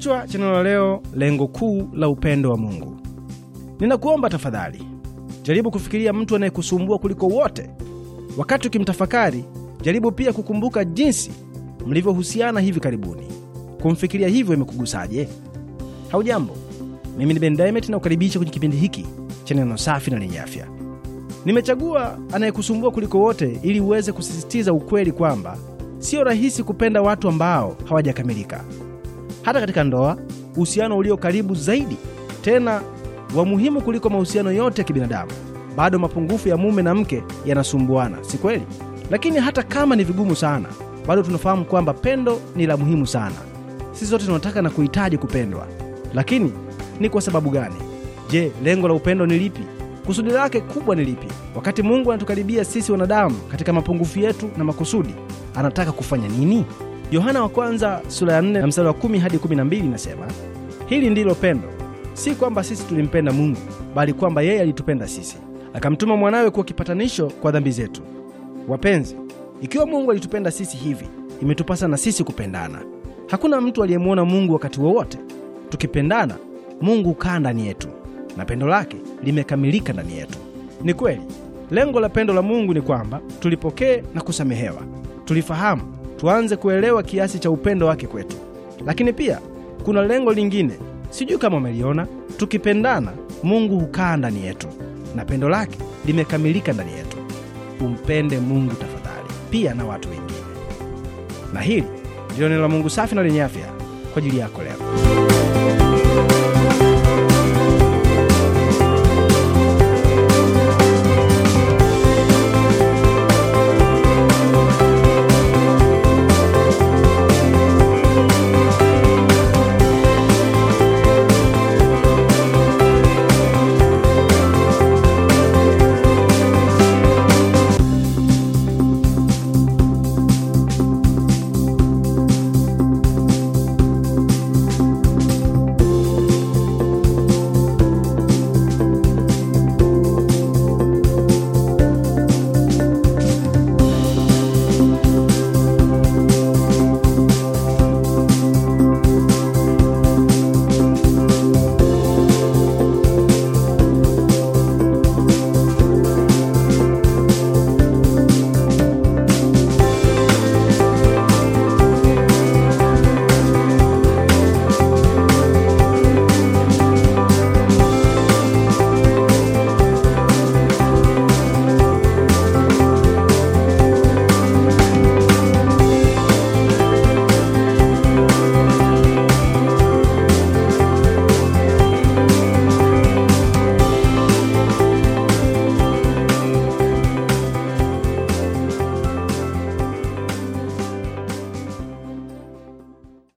Kichwa cha neno la leo, lengo kuu la upendo wa Mungu. Ninakuomba tafadhali, jaribu kufikiria mtu anayekusumbua kuliko wote. Wakati ukimtafakari, jaribu pia kukumbuka jinsi mlivyohusiana hivi karibuni. Kumfikiria hivyo imekugusaje? Haujambo, mimi ni Ben Daimet na kukaribisha kwenye kipindi hiki cha neno safi na lenye afya. Nimechagua anayekusumbua kuliko wote ili uweze kusisitiza ukweli kwamba sio rahisi kupenda watu ambao hawajakamilika. Hata katika ndoa, uhusiano ulio karibu zaidi, tena wa muhimu kuliko mahusiano yote ya kibinadamu, bado mapungufu ya mume na mke yanasumbuana, si kweli? Lakini hata kama ni vigumu sana, bado tunafahamu kwamba pendo ni la muhimu sana. Sisi zote tunataka na kuhitaji kupendwa, lakini ni kwa sababu gani? Je, lengo la upendo ni lipi? Kusudi lake kubwa ni lipi? Wakati Mungu anatukaribia sisi wanadamu katika mapungufu yetu na makusudi, anataka kufanya nini? Yohana wa kwanza sura ya 4 na mstari wa 10 hadi 12 inasema, hili ndilo pendo, si kwamba sisi tulimpenda Mungu, bali kwamba yeye alitupenda sisi, akamtuma mwanawe kuwa kipatanisho kwa dhambi zetu. Wapenzi, ikiwa Mungu alitupenda sisi hivi, imetupasa na sisi kupendana. Hakuna mtu aliyemwona Mungu wakati wowote. Tukipendana, Mungu kaa ndani yetu na pendo lake limekamilika ndani yetu. Ni kweli lengo la pendo la Mungu ni kwamba tulipokee na kusamehewa. Tulifahamu tuanze kuelewa kiasi cha upendo wake kwetu. Lakini pia kuna lengo lingine, sijui kama umeliona. Tukipendana, Mungu hukaa ndani yetu na pendo lake limekamilika ndani yetu. Umpende Mungu tafadhali, pia na watu wengine. Na hili ndilo neno la Mungu safi na lenye afya kwa ajili yako leo.